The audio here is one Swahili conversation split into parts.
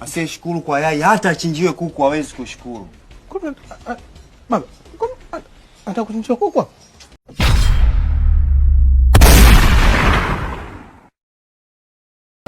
asiyeshukuru kwa yai hata achinjiwe kuku hawezi kushukuru. Kumbe atakuchinjiwa kuku qual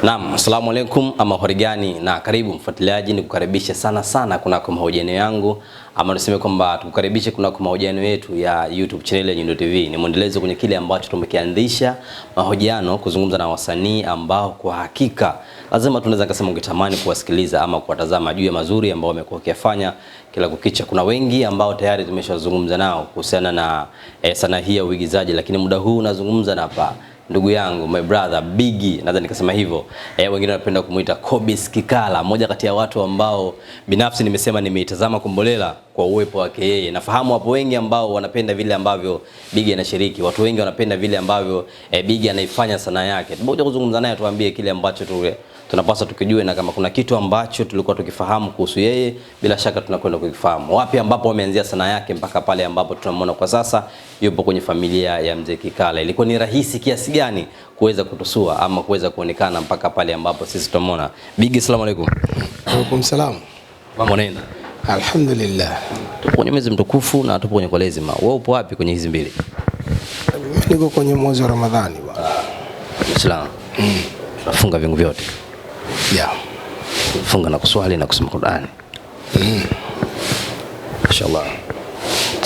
Naam, asalamu alaykum ama horigani na karibu mfuatiliaji, nikukaribishe sana sana kunako mahojiano yangu ama niseme kwamba tukukaribishe kunako mahojiano yetu ya YouTube channel ya Nyundo TV. Ni mwendelezo kwenye kile ambacho tumekianzisha, mahojiano kuzungumza na wasanii ambao kwa hakika lazima tunaweza kusema ungetamani kuwasikiliza ama kuwatazama juu ya mazuri ambao wamekuwa wakifanya kila kukicha. Kuna wengi ambao tayari tumeshazungumza nao kuhusiana na eh, sanaa hii ya uigizaji, lakini muda huu unazungumza na hapa ndugu yangu my brother bigi naweza nikasema hivyo eh, wengine wanapenda kumuita Kobis Kikala, mmoja kati ya watu ambao binafsi nimesema nimeitazama Kombolela kwa uwepo wake yeye. Nafahamu wapo wengi ambao wanapenda vile ambavyo Bigi anashiriki, watu wengi wanapenda vile ambavyo e, eh, Bigi anaifanya sanaa yake. Tuboje kuzungumza naye, tuambie kile ambacho tule eh, tunapaswa tukijue, na kama kuna kitu ambacho tulikuwa tukifahamu kuhusu yeye, bila shaka tunakwenda kukifahamu wapi ambapo ameanzia sanaa yake mpaka pale ambapo tunamwona kwa sasa yupo kwenye familia ya mzee Kikala. Ilikuwa ni rahisi kiasi gani kuweza kutusua ama kuweza kuonekana mpaka pale ambapo sisi tunamwona Bigi? Asalamu alaykum. Wa alaykum salaam. Mambo nenda Alhamdulillah, tupo kwenye mwezi mtukufu na tupo kwenye kwa lazima. Wewe upo wapi kwenye hizi mbili? Niko kwenye mwezi wa Ramadhani bwana. Islam. Mm. Tunafunga vingu vyote. Yeah. Funga na kuswali na kusoma Qur'ani. Mm. Inshallah.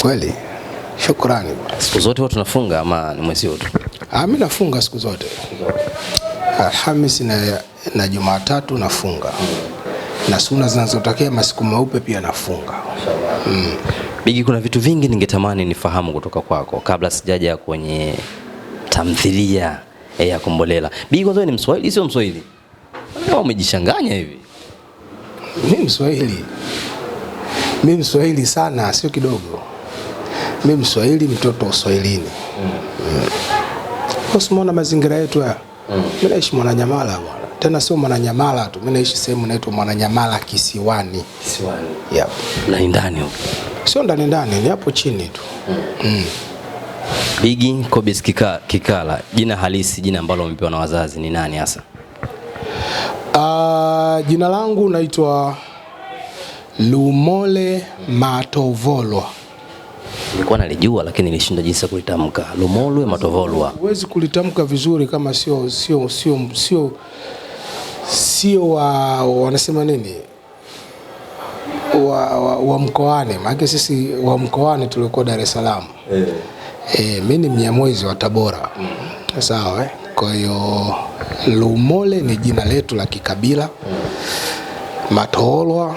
Kweli. Shukrani bwana. Siku zote watu tunafunga ama ni mwezi wote? Ah, mimi nafunga siku zote. Alhamisi na, na Jumatatu nafunga. Mm na suna zinazotokea masiku meupe pia nafunga mm. Bigi, kuna vitu vingi ningetamani nifahamu kutoka kwako kabla sijaja kwenye tamthilia e ya Kombolela. Bigi, kwanza ni Mswahili sio Mswahili? Umejishanganya hivi. Mi Mswahili, mi Mswahili sana, sio kidogo. Mi Mswahili, mtoto wa uswahilini mm. mm. Usimuona mazingira yetu haya mm. Mi naishi Mwananyamala bwana tena sio Mwananyamala tu, mimi naishi sehemu inaitwa Mwananyamala Kisiwani. Kisiwani. Yep. Na ndani huko. Sio ndani ndani, ni hapo chini tu. Mm. Mm. Bigi Kobis Kika, Kikala, jina halisi, jina ambalo umepewa na wazazi ni nani hasa? Uh, jina langu naitwa Lumole Matovolwa. Nilikuwa nalijua lakini nilishinda jinsi ya kulitamka. Lumolwe Matovolwa. Huwezi kulitamka vizuri kama sio sio sio sio sio wa wanasema nini wa, wa, wa mkoani, maana sisi wa mkoani tulikuwa Dar es Salaam eh. Eh, mimi ni Mnyamwezi wa Tabora mm. Sawa eh? Kwa hiyo Lumole ni jina letu la kikabila mm. Matoolwa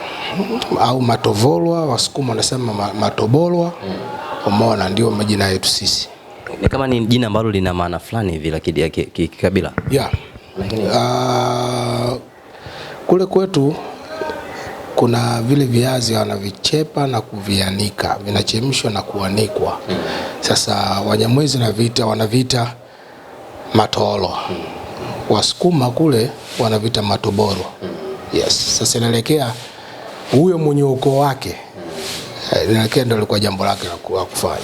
au Matovolwa, Wasukuma wanasema Matobolwa mm. Umeona, ndio majina yetu sisi. Ni kama ni jina ambalo lina maana fulani hivi la kikabila yeah. Lakini... uh, kule kwetu kuna vile viazi wanavichepa na kuvianika, vinachemshwa na kuanikwa. Sasa Wanyamwezi vita wanavita matolo, Wasukuma kule wanavita matoboro. Yes. Sasa inaelekea huyo mwenye ukoo wake eh, inaelekea ndio alikuwa jambo lake la kufanya.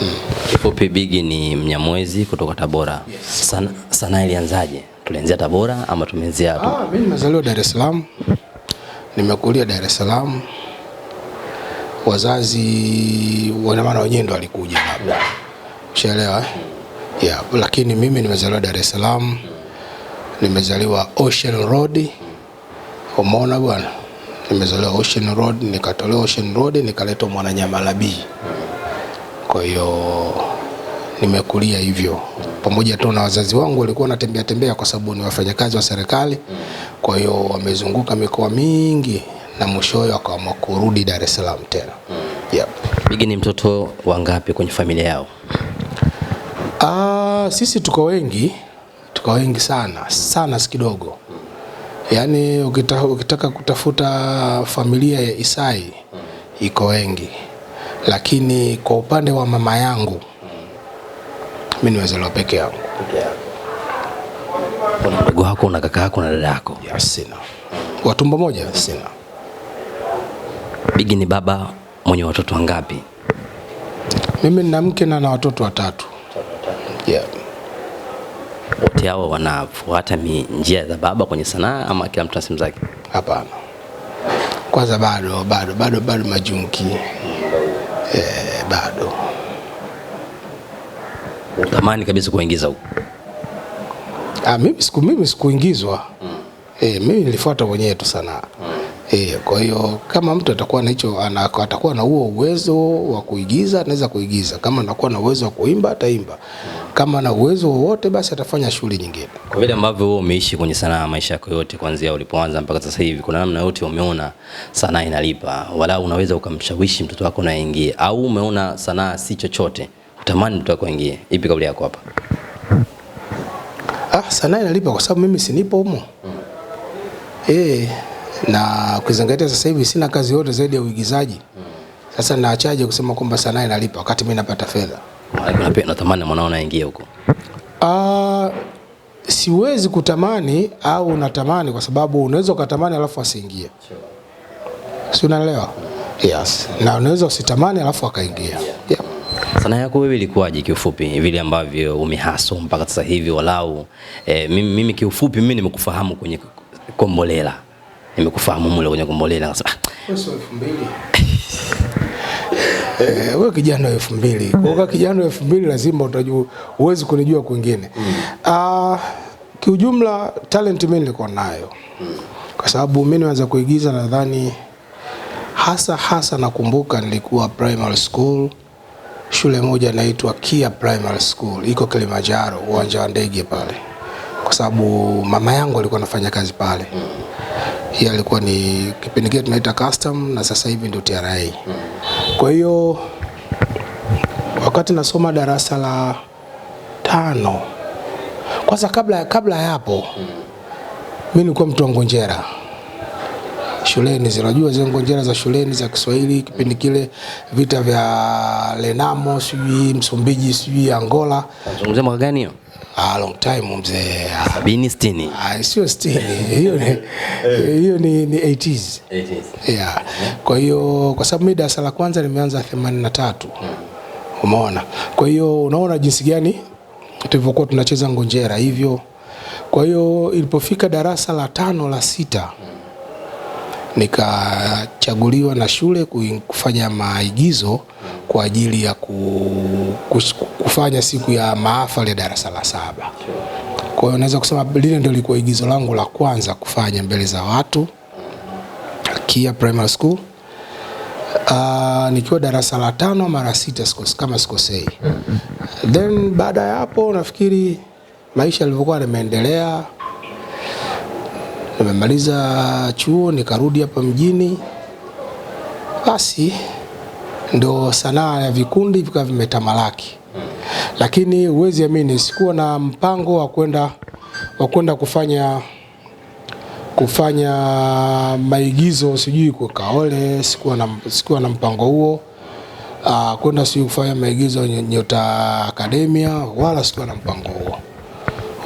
Hmm. Kifupi, Bigi ni Mnyamwezi kutoka Tabora. Yes. Sana, sana ilianzaje? tulianzia Tabora ama tumeanzia tu? Ah, mimi nimezaliwa Dar es Salaam, nimekulia Dar es Salaam. Wazazi wana maana wenyewe ndo walikuja labda, ushaelewa eh? yeah, lakini mimi nimezaliwa Dar es Salaam, nimezaliwa Ocean Road, umeona bwana nimezaliwa Ocean Road, nikatolewa Ocean Road, nikaletwa Mwananyamala B. Kwa hiyo nimekulia hivyo, pamoja tu na wazazi wangu walikuwa wanatembea tembea, kwa sababu ni wafanyakazi wa serikali. Kwa hiyo wamezunguka mikoa mingi na mwishowe wakaamua kurudi Dar es Salaam tena. Yep. Bigi ni mtoto wangapi kwenye familia yao? Ah, sisi tuko wengi, tuko wengi sana sana, si kidogo. Yaani ukitaka, ukitaka kutafuta familia ya Isai iko wengi, lakini kwa upande wa mama yangu mimi nimezaliwa peke yangu. Kuna ndugu wako na kaka yako na dada yako? Sina. Wa tumbo moja? Sina. Bigi ni baba mwenye watoto wangapi? Mimi nina mke na na watoto watatu. Yeah. Wote hao wanafuata njia za baba kwenye sanaa ama kila mtu na simu zake? Hapana. Kwanza bado bado bado bado majunki. Mm. Eh, bado utamani kabisa kuingiza huko? Ah, mimi siku mimi sikuingizwa mm. mimi nilifuata mwenyewe tu sana mm. kwa hiyo kama mtu atakuwa na hicho atakuwa na huo uwezo wa kuigiza anaweza kuigiza, kama anakuwa na uwezo wa kuimba ataimba mm. kama na uwezo wowote basi atafanya shughuli nyingine. Kwa vile ambavyo wewe umeishi kwenye sanaa maisha yako yote kuanzia ulipoanza mpaka sasa hivi, kuna namna yote umeona sanaa inalipa, wala unaweza ukamshawishi mtoto wako naingie, au umeona sanaa si chochote utamani mtu aingie. Ipi kauli yako hapa? Ah, sanaa inalipa kwa sababu mimi sinipo humo hmm. Eh, na kuzingatia sasa hivi sina kazi yote zaidi ya uigizaji hmm. Sasa naachaje kusema kwamba sanaa inalipa wakati mimi napata fedha? Unatamani mwanao naingia huko? Ah, siwezi kutamani au natamani kwa sababu unaweza ukatamani alafu asiingie, si unaelewa? Hmm. Yes, na unaweza usitamani alafu akaingia yeah. Sanaa yako wewe ilikuwaje kiufupi, vile ambavyo umehaso mpaka sasa hivi walau? E, eh, mimi, mimi kiufupi mimi nimekufahamu kwenye Kombolela, nimekufahamu mule kwenye Kombolela kasema ah, Eh, wewe kijana wa elfu mbili kwa kijana wa elfu mbili lazima utajua, uwezi kunijua kwingine mm. Uh, kiujumla talent mimi nilikuwa nayo mm. kwa sababu mimi nianza kuigiza nadhani hasa hasa nakumbuka nilikuwa primary school shule moja inaitwa Kia Primary School, iko Kilimanjaro, uwanja wa ndege pale, kwa sababu mama yangu alikuwa anafanya kazi pale mm. Yeye alikuwa ni kipindi kile tunaita custom na sasa hivi ndio TRA mm. Kwa hiyo wakati nasoma darasa la tano kwanza, kabla kabla ya hapo mm. mimi nilikuwa mtu wa ngonjera shuleni, zinajua zile ngonjera za shuleni za Kiswahili kipindi kile vita vya Lenamo sijui Msumbiji, sijui Angola. Unazungumzia mwaka gani hiyo? Ah, long time mzee. Sabini, sitini. Ah, sio sitini. Hiyo ni hiyo ni, ni 80s. 80s. Yeah. Kwa hiyo kwa sababu mimi darasa la kwanza nimeanza 83. Umeona? Kwa hiyo unaona jinsi gani tulivyokuwa tunacheza ngonjera hivyo. Kwa hiyo ilipofika darasa la tano la sita hmm nikachaguliwa na shule kufanya maigizo kwa ajili ya kufanya siku ya mahafali ya darasa la saba. Kwa hiyo naweza kusema lile ndio lilikuwa igizo langu la kwanza kufanya mbele za watu Kia Primary School. Uh, nikiwa darasa la tano mara sita kama sikosei. Mm-hmm. Then baada ya hapo nafikiri maisha yalivyokuwa yameendelea nimemaliza chuo nikarudi hapa mjini, basi ndo sanaa ya vikundi vikawa vimetamalaki. Lakini huwezi amini, sikuwa na mpango wa kwenda wa kwenda kufanya kufanya maigizo sijui kwa Kaole, sikuwa na, sikuwa na mpango huo ah, kwenda sijui kufanya maigizo Nyota Akademia, wala sikuwa na mpango huo.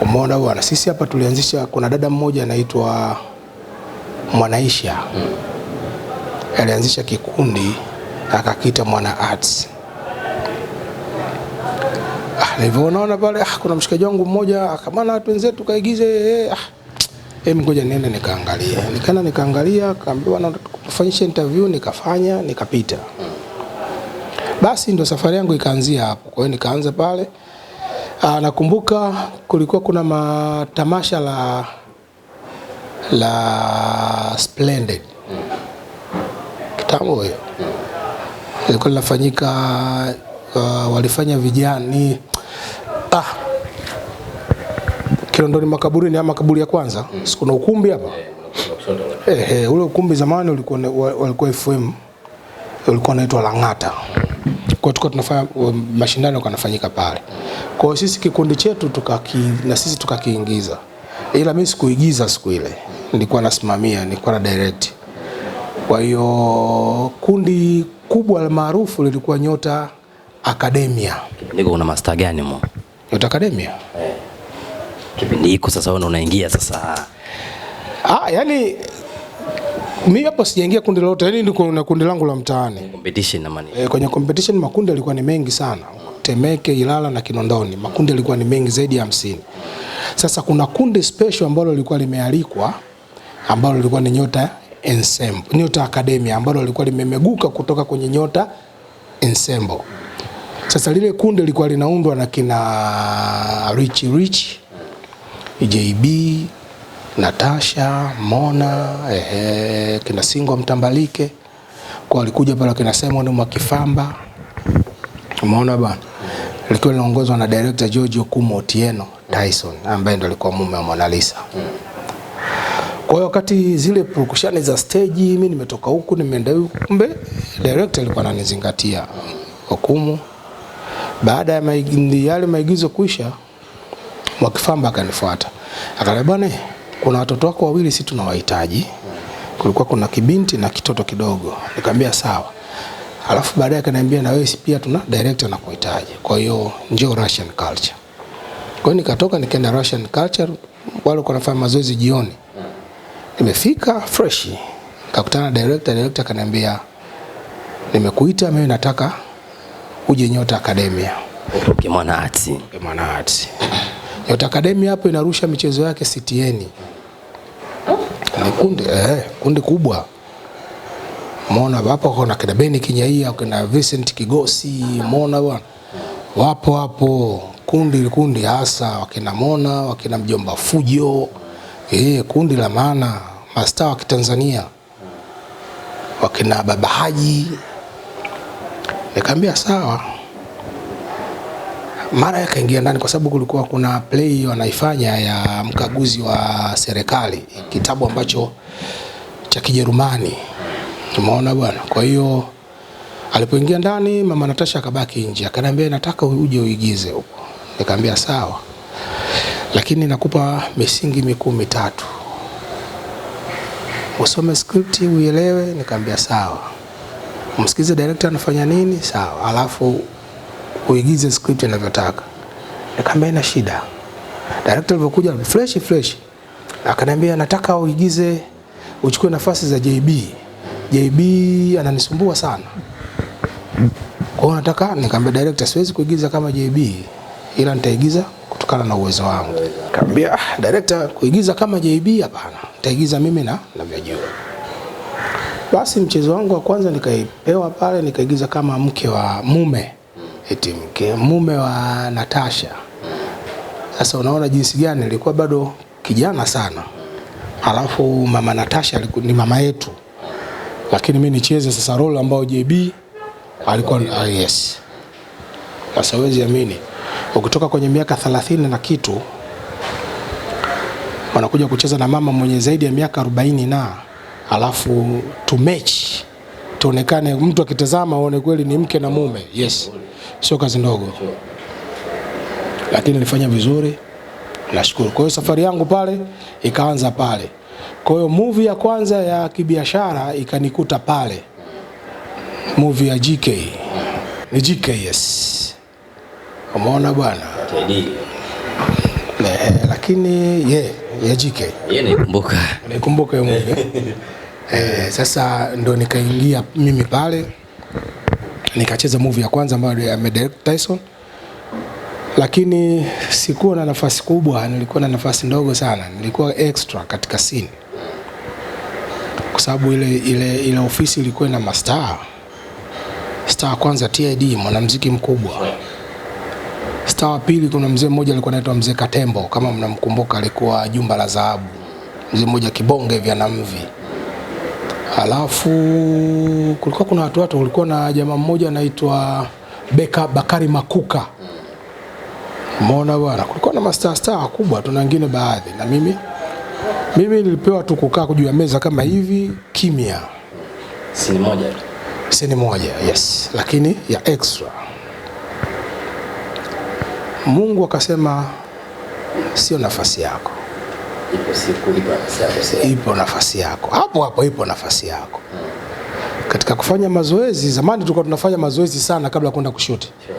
Umeona bwana, sisi hapa tulianzisha, kuna dada mmoja anaitwa Mwanaisha mm. alianzisha kikundi akakita Mwana Arts. Ah, nilivyoona pale ah, kuna mshikaji wangu mmoja akamana watu wenzetu kaigize eh, ah, eh, ngoja niende nikaangalia. Nikaenda nikaangalia, kaambiwa na kufanyisha interview, nikafanya nikapita. Basi ndo safari yangu ikaanzia hapo. Kwa hiyo nikaanza pale Aa, ah, nakumbuka kulikuwa kuna matamasha la la Splendid kitambo hiyo ilikuwa linafanyika uh, walifanya vijani ah, Kinondoni ni ama makaburi ya kwanza mm. sikuna ukumbi hapa eh, eh, eh, ule ukumbi zamani ulikuwa walikuwa FM ulikuwa unaitwa Lang'ata kwa tulikuwa tunafanya mashindano kanafanyika pale. Kwa hiyo sisi kikundi chetu tukaki, na sisi tukakiingiza, ila mimi sikuigiza siku ile, nilikuwa nasimamia, nilikuwa na direct. Kwa hiyo kundi kubwa maarufu lilikuwa Nyota Academia. Niko kuna master gani mo? Nyota Academia. Eh. Kipindi hiko sasa wewe unaingia sasa. Ah, yani mimi hapo sijaingia kundi lolote, yani niko na kundi langu la mtaani. Competition na E, kwenye competition makundi yalikuwa ni mengi sana. Temeke, Ilala na Kinondoni. Makundi yalikuwa ni mengi zaidi ya hamsini. Sasa kuna kundi special ambalo lilikuwa limealikwa ambalo lilikuwa ni Nyota Ensemble, Nyota Academy ambalo lilikuwa limemeguka kutoka kwenye Nyota Ensemble. Sasa lile kundi lilikuwa linaundwa na kina Rich Rich, JB Natasha Mona, ehe, kina Singo Mtambalike kwa walikuja pale kina Simon Mwakifamba, umeona bwana, likiwa linaongozwa na director George Okumo Otieno Tyson ambaye ndo alikuwa mume wa Mona Lisa. Kwa hiyo wakati zile purukushani za stage, mimi nimetoka huku nimeenda kumbe director alikuwa ananizingatia Okumo. Baada ya maigi, yale maigizo kuisha, Mwakifamba akanifuata akaniambia bwana kuna watoto wako wawili, si tunawahitaji. Kulikuwa kuna kibinti na kitoto kidogo, nikamwambia sawa. Alafu baadaye akaniambia na wewe pia tuna director na kuhitaji, kwa hiyo njoo Russian culture. Kwa hiyo nikatoka nikaenda Russian culture, wale wanafanya mazoezi jioni. Nimefika fresh, nikakutana na director. Director akaniambia nimekuita mimi, nataka uje Nyota Academy. Okay, Mwana Arts. Mwana Arts. Nyota Academy hapo inarusha michezo yake CTN ni kundi eh, kundi kubwa. Umeona hapo kuna kina Beni Kinyaia, kuna Vincent Kigosi, umeona bwana. Wapo hapo kundi kundi hasa wakina Mona, wakina Mjomba Fujo. Eh, kundi la maana mastaa wa Kitanzania. Wakina Baba Haji. Nikamwambia sawa mara yakaingia ndani, kwa sababu kulikuwa kuna play wanaifanya ya mkaguzi wa serikali, kitabu ambacho cha Kijerumani, umeona bwana. Kwa hiyo alipoingia ndani, mama Natasha akabaki nje, akaniambia nataka uje uigize huko. Nikamwambia sawa, lakini nakupa misingi mikuu mitatu, usome script uielewe. Nikamwambia sawa. Msikize director anafanya nini, sawa, alafu uigize script anavyotaka. Nikamwambia ina shida. Director alivyokuja fresh fresh akaniambia nataka uigize uchukue nafasi za JB. JB ananisumbua sana. Kwa hiyo nataka nikamwambia director, siwezi kuigiza kama JB ila nitaigiza kutokana na uwezo wangu. Kaambia ah, director kuigiza kama JB hapana. Nitaigiza mimi na navyojua. Basi mchezo wangu wa kwanza nikaipewa pale nikaigiza kama mke wa mume eti mke mume wa Natasha. Sasa unaona jinsi gani alikuwa bado kijana sana, alafu mama Natasha ni mama yetu, lakini mimi nicheze sasa role ambayo JB alikuwa ah, yes. Sasa huwezi amini, ukitoka kwenye miaka 30 na kitu wanakuja kucheza na mama mwenye zaidi ya miaka 40 na alafu tumechi tuonekane, mtu akitazama aone kweli ni mke na mume. Yes sio kazi ndogo, lakini nilifanya vizuri, nashukuru. Kwa hiyo safari yangu pale ikaanza pale. Kwa hiyo movie ya kwanza ya kibiashara ikanikuta pale, movie ya GK ni GK, yes, umeona bwana ne, eh, eh, lakini ye ya GK naikumbuka hiyo movie eh, sasa ndo nikaingia mimi pale nikacheza movie ya kwanza ambayo amedirect Tyson, lakini sikuwa na nafasi kubwa, nilikuwa na nafasi ndogo sana, nilikuwa extra katika scene kwa sababu ile, ile, ile ofisi ilikuwa na mastaa star kwanza TID mwanamuziki mkubwa, Star wa pili, kuna mzee mmoja alikuwa anaitwa mzee Katembo, kama mnamkumbuka, alikuwa jumba la dhahabu, mzee mmoja kibonge vya namvi Halafu kulikuwa kuna watu watu, kulikuwa na jamaa mmoja anaitwa Beka Bakari Makuka, umeona bwana. Kulikuwa na master star wakubwa tu na wengine baadhi, na mimi mimi nilipewa tu kukaa juu ya meza kama hivi kimya, sini moja sini moja, yes, lakini ya extra. Mungu akasema sio nafasi yako ipo siku, ipo nafasi yako ipo nafasi yako hapo hapo, ipo nafasi yako hmm. Katika kufanya mazoezi, zamani tulikuwa tunafanya mazoezi sana kabla ya kwenda kushuti sure.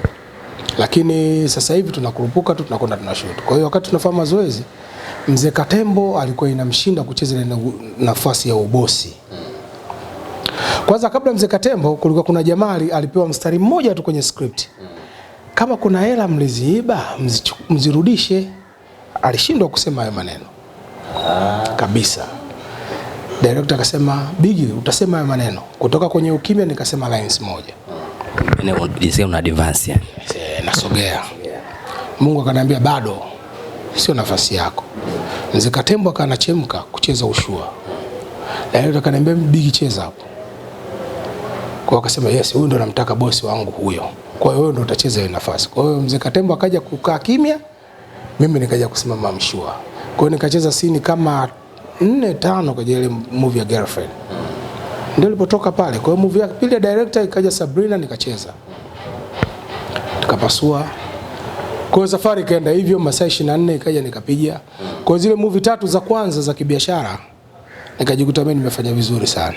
Lakini sasa hivi tunakurupuka tu tunakwenda tunashuti. Kwa hiyo wakati tunafanya mazoezi, mzee Katembo alikuwa inamshinda kucheza ile nafasi ya ubosi hmm. Kwanza kabla mzee Katembo kulikuwa kuna jamaa alipewa mstari mmoja tu kwenye script hmm. Kama kuna hela mliziiba mzirudishe. Alishindwa kusema hayo maneno kabisa. Director akasema big, utasema haya maneno kutoka kwenye ukimya. Nikasema lines moja, yaani una advance, eh, nasogea. Mungu akaniambia bado sio nafasi yako. Zikatembo akanachemka kucheza ushua, director akaniambia big, cheza hapo kwa akasema yes, huyu ndo namtaka bosi wangu huyo, kwa hiyo wewe ndo utacheza hiyo nafasi. Kwa hiyo mzee Katembo akaja kukaa kimya, mimi nikaja kusimama mshua. Kwa hiyo nikacheza sini kama nne tano kwa ile movie ya Girlfriend. Ndio nilipotoka pale. Kwa hiyo movie ya pili ya director ikaja Sabrina nikacheza. Tukapasua. Kwa hiyo safari ikaenda hivyo masaa nne ikaja nikapiga. Kwa zile movie tatu za kwanza za kibiashara nikajikuta mimi nimefanya vizuri sana.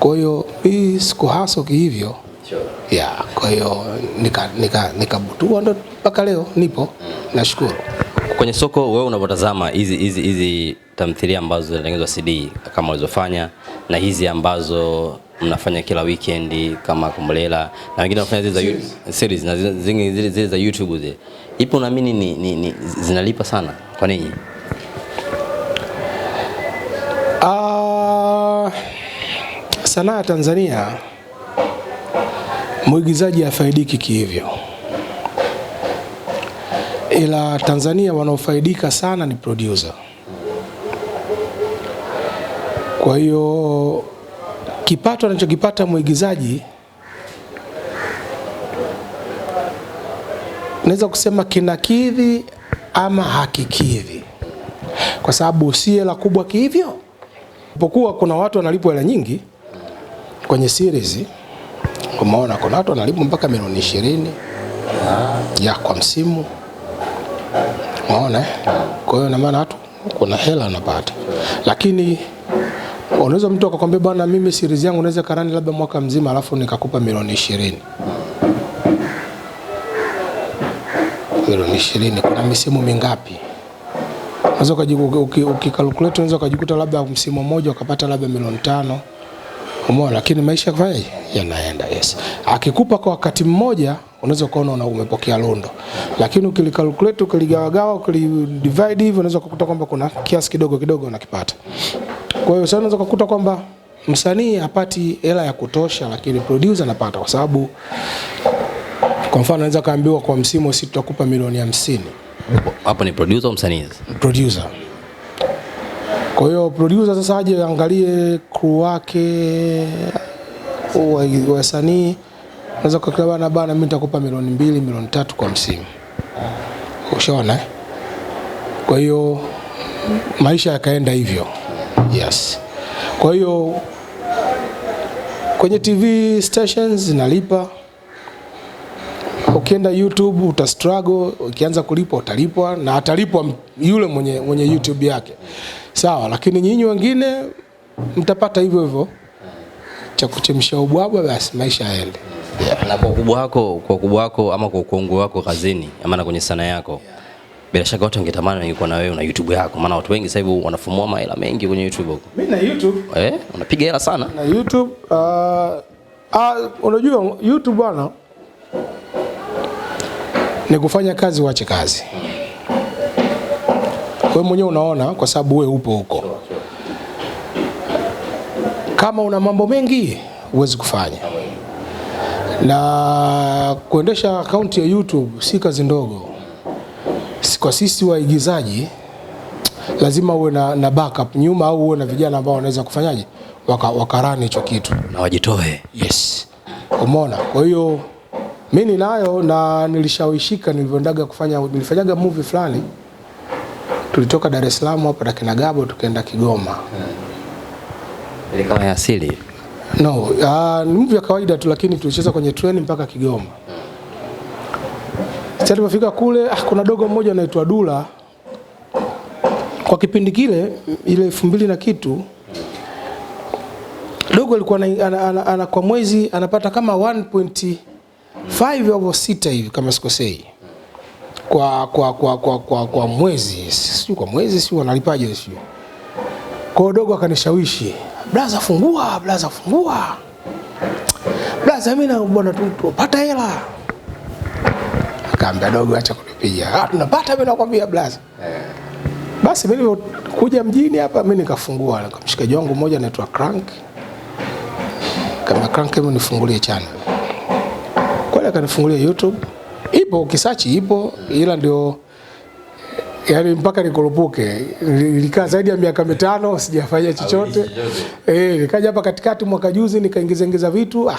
Kwa hiyo hii haso kihivyo. Sure ya kwa hiyo nika nikabutua ndo mpaka leo nipo. Nashukuru. Kwenye soko wewe unapotazama hizi hizi hizi tamthilia ambazo zinatengenezwa CD kama ulizofanya na hizi ambazo mnafanya kila weekend kama Kombolela na wengine wanafanya zile za series. na zingine zile zile za YouTube zile. Ipo unaamini ni, ni, ni zinalipa sana kwa nini Ah, sanaa ya Tanzania mwigizaji afaidiki kihivyo, ila Tanzania wanaofaidika sana ni producer. Kwa hiyo kipato anachokipata mwigizaji naweza kusema kinakidhi ama hakikidhi, kwa sababu si hela kubwa kihivyo, pokuwa kuna watu wanalipwa hela nyingi kwenye series. Umeona kuna watu wanalipa mpaka milioni ishirini ya kwa msimu. Umeona? Kwa hiyo na maana watu kuna hela anapata, lakini unaweza mtu akakwambia bwana, mimi series yangu naweza karani labda mwaka mzima, alafu nikakupa milioni ishirini milioni ishirini. Kuna misimu mingapi? Unaweza ukikalkulate, unaweza ukajikuta labda msimu mmoja ukapata labda milioni tano. Umeona, lakini maisha yafanyaje? Yanaenda, yes. Akikupa kwa wakati mmoja unaweza kuona una umepokea londo. lakini ukilikalculate, ukiligawagawa, ukilidivide hivi unaweza kukuta kwamba kuna kiasi kidogo kidogo unakipata. Kwa hiyo sasa unaweza kukuta kwamba msanii hapati hela ya kutosha, lakini producer anapata, kwa sababu kwa mfano anaweza kaambiwa kwa msimu sisi tutakupa milioni 50. Hapo ni producer au msanii? Producer. Kwa hiyo producer sasa aje angalie crew wake wasanii, naweza kukaa bana bana, mimi nitakupa milioni mbili milioni tatu kwa msimu, ushaona eh? Kwa hiyo maisha yakaenda hivyo, yes. Kwa hiyo kwenye TV stations nalipa Ukienda YouTube uta struggle, ukianza kulipwa utalipwa na atalipwa yule mwenye, mwenye YouTube yake sawa, lakini nyinyi wengine mtapata hivyo hivyo cha kuchemsha ubwabwa, basi maisha yaende. Yeah. Na kwa ukubwa wako, kwa ukubwa wako ama kwa ukongwe wako kazini ama na kwenye sanaa yako, bila shaka watu wangetamani ningekuwa na wewe una YouTube yako, maana watu wengi sasa hivi wanafumua mahela mengi kwenye YouTube huko. Mimi na YouTube. Eh, unapiga hela sana na YouTube. Uh, uh, unajua YouTube bwana ni kufanya kazi, uache kazi. Wewe mwenyewe unaona, kwa sababu wewe upo huko. Kama una mambo mengi huwezi kufanya, na kuendesha akaunti ya YouTube si kazi ndogo. Kwa sisi waigizaji lazima uwe na, na backup nyuma au uwe na vijana ambao wanaweza kufanyaje wakarani waka hicho kitu na wajitoe. Yes, umeona, kwa hiyo mi ninayo na nilishawishika nilivyondaga kufanya, nilifanyaga movie fulani, tulitoka Dar es Salaam hapa na Kinagabo tukaenda Kigoma. Hmm. Ile kama ya asili no, uh, ni movie ya kawaida tu, lakini tulicheza kwenye train mpaka Kigoma. Sasa tulipofika kule, ah, kuna dogo mmoja anaitwa Dula. Kwa kipindi kile ile elfu mbili na kitu dogo alikuwa ana, ana, ana, ana, kwa mwezi anapata kama 1. 5 au 6 hivi kama sikosei kwa kwa kwa kwa kwa kwa mwezi sio kwa mwezi sio wanalipaje sio kwa dogo akanishawishi blaza fungua blaza fungua blaza mimi na bwana tu tupata hela akaambia dogo acha kunipiga ah tunapata mimi nakwambia blaza eh. basi mimi nilikuja mjini hapa mimi nikafungua nikamshikaji wangu mmoja anaitwa crank kama crank mimi nifungulie channel kweli akanifungulia YouTube. Ipo kisachi ipo, ila ndio yani mpaka nikurupuke nilikaa zaidi ya miaka mitano sijafanya chochote eh. Nikaja hapa katikati mwaka juzi nikaingiza ingiza vitu ah,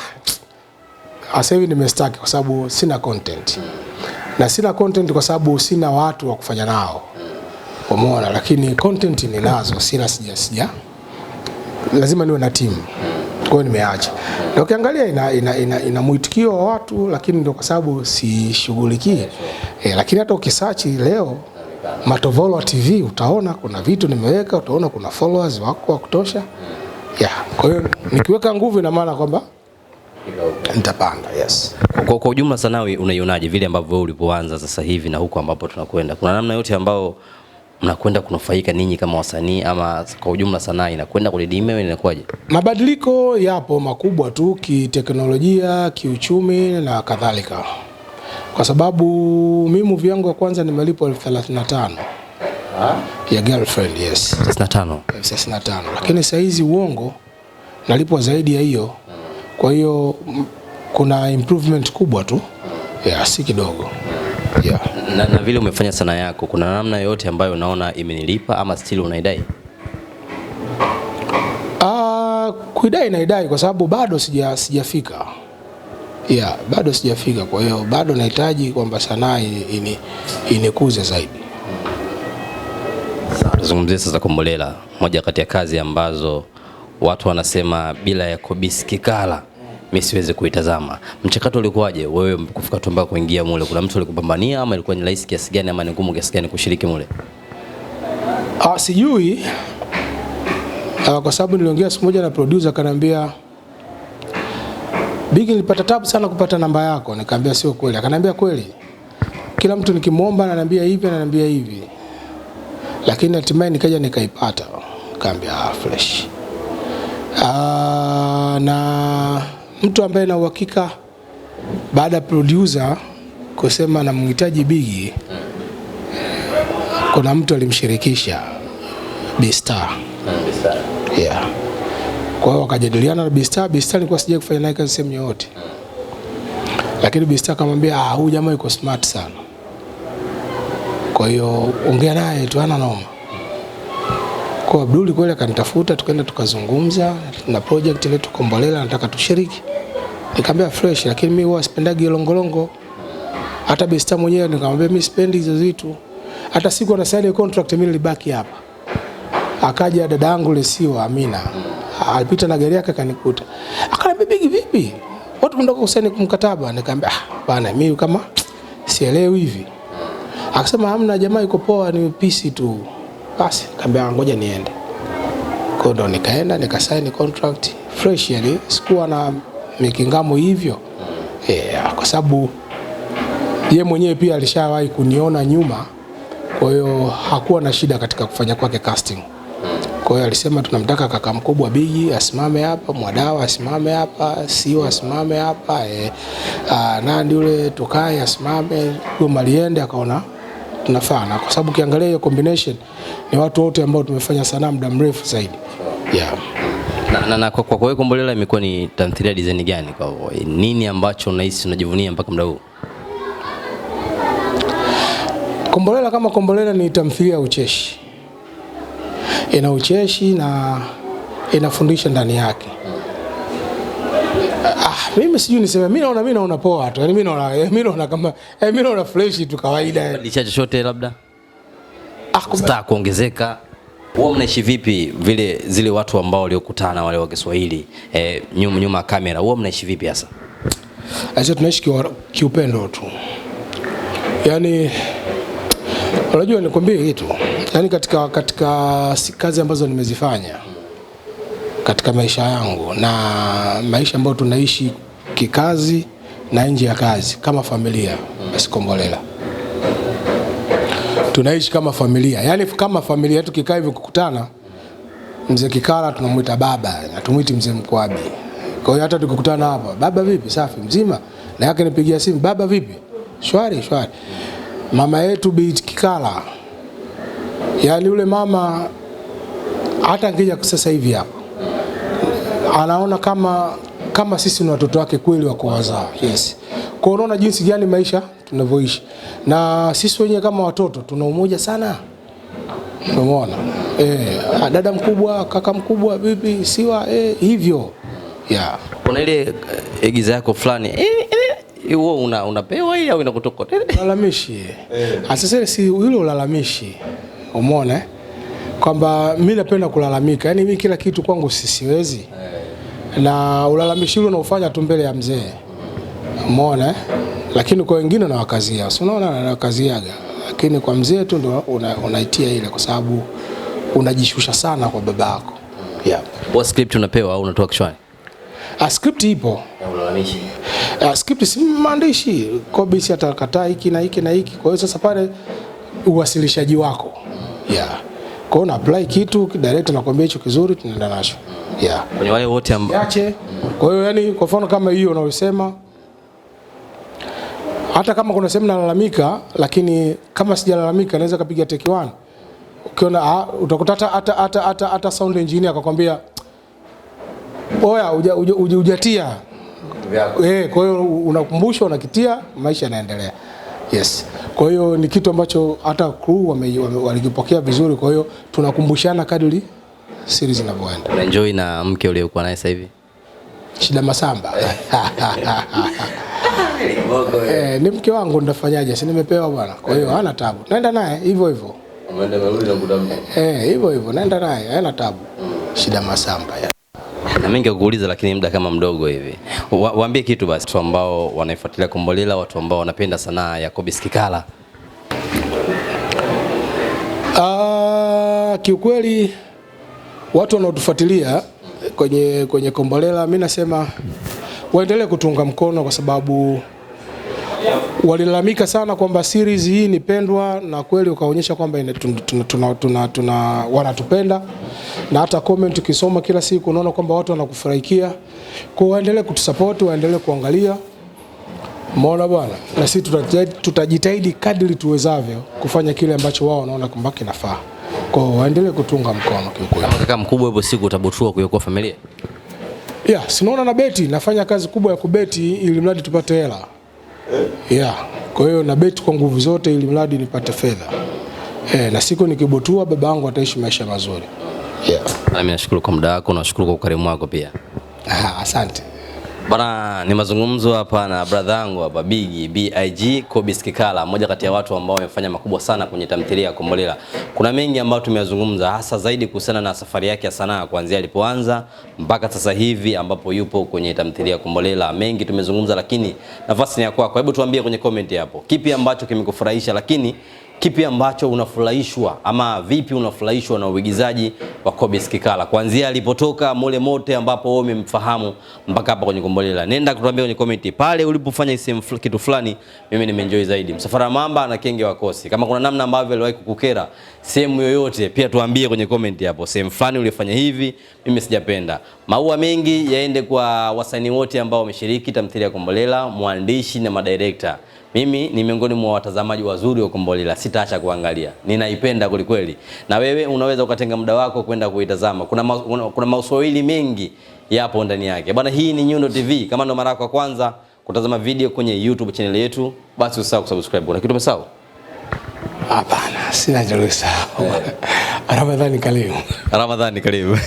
sasa hivi nimestaki kwa sababu sina content na sina content kwa sababu sina watu wa kufanya nao, umeona. Lakini content ninazo, sina sija sija, lazima niwe na timu. Kwa hiyo nimeacha, Ndio ukiangalia ina, ina, ina, ina mwitikio wa watu, lakini ndio kwa sababu sishughulikie e, lakini hata ukisearch leo Matovolo TV utaona kuna vitu nimeweka, utaona kuna followers wako wa kutosha yeah. Kwa hiyo nikiweka nguvu, ina maana kwamba nitapanda yes. Kwa, kwa ujumla, Sanawi, unaionaje, vile ambavyo wewe ulipoanza sasa hivi na huko ambapo tunakwenda, kuna namna yote ambayo mnakwenda kunufaika ninyi kama wasanii ama kwa ujumla sanaa inakwenda kudidimia, inakuwaje? Mabadiliko yapo makubwa tu kiteknolojia, kiuchumi na kadhalika, kwa sababu mimi movie yangu ya kwanza nimelipwa elfu thelathini na tano ya girlfriend yes, 35 35, lakini sasa hizi uongo nalipwa zaidi ya hiyo. Kwa hiyo kuna improvement kubwa tu, yeah, si kidogo yeah na, na vile umefanya sanaa yako, kuna namna yoyote ambayo unaona imenilipa ama still unaidai? Uh, kuidai naidai kwa sababu bado sija sijafika yeah, bado sijafika. Kwa hiyo bado nahitaji kwamba sanaa inikuze zaidi. Tuzungumzie sasa Kombolela, moja kati ya kazi ambazo watu wanasema bila ya kubisikikala mimi siwezi kuitazama. Mchakato ulikuwaje wewe kufika tu mpaka kuingia mule? Kuna mtu alikupambania ama ilikuwa ni rahisi kiasi gani ama ni ngumu kiasi gani kushiriki mule? Ah, sijui. Ah, kwa sababu niliongea siku moja na producer akaniambia Big, nilipata tabu sana kupata namba yako. Nikamwambia sio kweli. Akanambia kweli. Kila mtu nikimwomba ananiambia hivi, ananiambia hivi. Lakini hatimaye nikaja nikaipata. Kaambia ah, fresh. Ah, na mtu ambaye na uhakika baada ya producer kusema namhitaji Bigi, kuna mtu alimshirikisha Bista. Yeah. Kwa hiyo wakajadiliana na Bista. Bista alikuwa sija kufanya naye kazi sehemu yoyote, lakini Bista akamwambia, ah, huyu jamaa yuko smart sana, kwa hiyo ongea naye tu, ana noma. Kwa Abdul kweli akanitafuta, tukaenda tukazungumza na project ile tukombolela, nataka tushiriki Nikamwambia fresh, lakini mimi huwa sipendagi longolongo. Hata Besta mwenyewe nikamwambia mimi sipendi hizo vitu. Hata siku ana sign contract mimi nilibaki hapa. Akaja dada yangu Lesiwa Amina. Alipita na gari yake akanikuta. Akaniambia bigi vipi? Watu mnataka kusaini kumkataba. Nikamwambia ah, bana mimi kama sielewi hivi. Akasema hamna, jamaa yuko poa, ni pisi tu. Basi nikamwambia ngoja niende. Kwa ndo nikaenda nikasaini contract fresh, yani sikuwa na mikingamo hivyo yeah, kwa sababu ye mwenyewe pia alishawahi kuniona nyuma, kwa hiyo hakuwa na shida katika kufanya kwake casting. Kwa hiyo alisema tunamtaka kaka mkubwa Bigi asimame hapa, Mwadawa asimame hapa, Sio asimame hapa e, eh, a, ah, nandi Tukai asimame huyo Maliende, akaona tunafaa, kwa sababu ukiangalia hiyo combination ni watu wote ambao tumefanya sanaa muda mrefu zaidi yeah. Na, na, na, kwa kwa Kombolela imekuwa ni tamthilia design gani? Kwa hivyo nini ambacho unahisi unajivunia mpaka muda huu? Kombolela kama Kombolela ni tamthilia ya ucheshi, ina ucheshi na inafundisha ndani yake. Ah, mimi sijui niseme, mimi naona mimi naona poa tu. Yaani mimi naona eh, mimi naona kama eh, mimi naona fresh tu kawaida. Licha chochote labda. Ah, kuongezeka huwa mnaishi vipi vile zile watu ambao waliokutana wale wa Kiswahili e, nyuma nyuma kamera, huwa mnaishi vipi hasa? Acha tunaishi kiupendo tu, yaani unajua nikwambie kitu, yaani katika, katika kazi ambazo nimezifanya katika maisha yangu na maisha ambayo tunaishi kikazi na nje ya kazi kama familia basi Kombolela tunaishi kama familia, yaani kama familia yetu. Kikaa hivi kukutana, mzee Kikala tunamwita baba, hatumwiti mzee Mkwabi. Kwa hiyo hata tukikutana hapa, baba vipi, safi, mzima, na yake nipigia simu, baba vipi, shwari shwari. Mama yetu Bi Kikala, yaani yule mama hata ngija sasa hivi hapa anaona kama kama sisi ni watoto wake kweli wa wazao. Yes. Kwa unaona jinsi gani maisha tunavyoishi, na sisi wenyewe kama watoto tuna umoja sana. Umeona? Eh, ah, dada mkubwa, kaka mkubwa, bibi siwa eh, hivyo. Yeah. Kuna ile egiza eh, yako fulani eh, eh una, unapewa hii au inakutoka? Lalamishi. Eh. Ah, sasa si yule ulalamishi. Umeona? Kwamba mimi napenda kulalamika. Yaani mimi kila kitu kwangu sisiwezi. Eh na ulalamishi ule unaofanya tu mbele ya mzee umeona, eh? lakini kwa wengine nawakazia, si unaona, nawakaziaga, lakini kwa mzee tu ndo unaitia una ile, kwa sababu unajishusha sana kwa baba yako yeah. What script unapewa au unatoa kichwani? A ah, script ipo A ah, script si maandishi kobisi atakataa hiki na hiki na hiki, kwa hiyo sasa pale uwasilishaji wako yeah. Kwa hiyo na apply kitu direct nakwambia hicho kizuri tunaenda nacho. Yeah. Kwenye wale wote ambao yache. Kwa hiyo yani kwa mfano kama hiyo unayosema hata kama kuna sehemu nalalamika, lakini kama sijalalamika naweza kapiga take one. Ukiona ah, utakuta hata hata hata hata, hata sound engineer akakwambia oya uja, uja, uja, ujatia. Eh, kwa hiyo unakumbushwa unakitia, maisha yanaendelea. Yes. Kwa hiyo ni kitu ambacho hata crew walikipokea vizuri, kwa hiyo tunakumbushana kadri series inavyoenda. enjoy na mke uliokuwa naye sasa hivi? Shida Masamba. Eh. eh, ni mke wangu ndafanyaje? Si nimepewa bwana. Kwa hiyo hana tabu. Naenda naye hivyo hivyo. Umeenda na na kudamu. Eh, hivyo hivyo naenda naye, hana tabu. Mm. Shida Masamba na mengi ya lakini muda kama mdogo hivi, waambie kitu basi watu ambao wanaifuatilia Kombolela, watu ambao wanapenda sanaa ya Kobisi Kikala. Ah, kiukweli watu wanaotufuatilia kwenye, kwenye Kombolela, mi nasema waendelee kutunga mkono kwa sababu walilalamika sana kwamba series hii ni pendwa, na kweli ukaonyesha kwamba tuna wanatupenda, na hata comment ukisoma kila siku unaona kwamba watu wanakufurahikia. Kwa waendelee kutusupport, waendelee kuangalia Mona bwana, na sisi tutajitahidi kadri tuwezavyo kufanya kile ambacho wao wanaona kwamba kinafaa. Kwa hiyo waendelee kutunga mkono kiukweli. Kama kaka mkubwa hapo siku utabotua kuiokoa familia. Yeah, sinaona na beti, nafanya kazi kubwa ya kubeti ili mradi tupate hela. Eh? yeah. Kwa hiyo na beti kwa nguvu zote ili mradi nipate fedha eh, na siku nikibotua baba yangu ataishi maisha mazuri. Yeah. Nami nashukuru kwa muda wako, nashukuru kwa ukarimu wako pia. Ah, asante. Bana, ni mazungumzo hapa na brother yangu hapa Bigi Big Kobis Kikala, mmoja kati ya watu ambao wamefanya makubwa sana kwenye tamthilia ya Kombolela. Kuna mengi ambayo tumeyazungumza, hasa zaidi kuhusiana na safari yake ya sanaa kuanzia alipoanza mpaka sasa hivi ambapo yupo kwenye tamthilia ya Kombolela. Mengi tumezungumza, lakini nafasi ni ya kwako. Hebu tuambie kwenye comment hapo, kipi ambacho kimekufurahisha lakini kipi ambacho unafurahishwa ama vipi unafurahishwa na uigizaji wa Kobisi Kikala kuanzia alipotoka Mole Mote ambapo wewe umemfahamu mpaka hapa kwenye Kombolela? Nenda kutuambia kwenye comment pale ulipofanya kitu fulani, mimi nimeenjoy zaidi. Msafara Mamba na Kenge Wakosi, kama kuna namna ambavyo aliwahi kukukera sehemu yoyote, pia tuambie kwenye comment hapo, sehemu fulani ulifanya hivi, mimi sijapenda. Maua mengi yaende kwa wasanii wote ambao wameshiriki tamthilia ya Kombolela, mwandishi na madirekta mimi ni miongoni mwa watazamaji wazuri wa Kombolela, sitaacha kuangalia, ninaipenda kwelikweli. Na wewe unaweza ukatenga muda wako kwenda kuitazama. Kuna, ma, kuna, kuna mauswahili mengi yapo ndani yake bwana. Hii ni Nyundo TV. Kama ndo mara yako ya kwanza kutazama video kwenye YouTube channel yetu, basi usisahau kusubscribe. Kuna kitu umesahau? Hapana, sina jalo. Ramadhani karibu. Ramadhani karibu.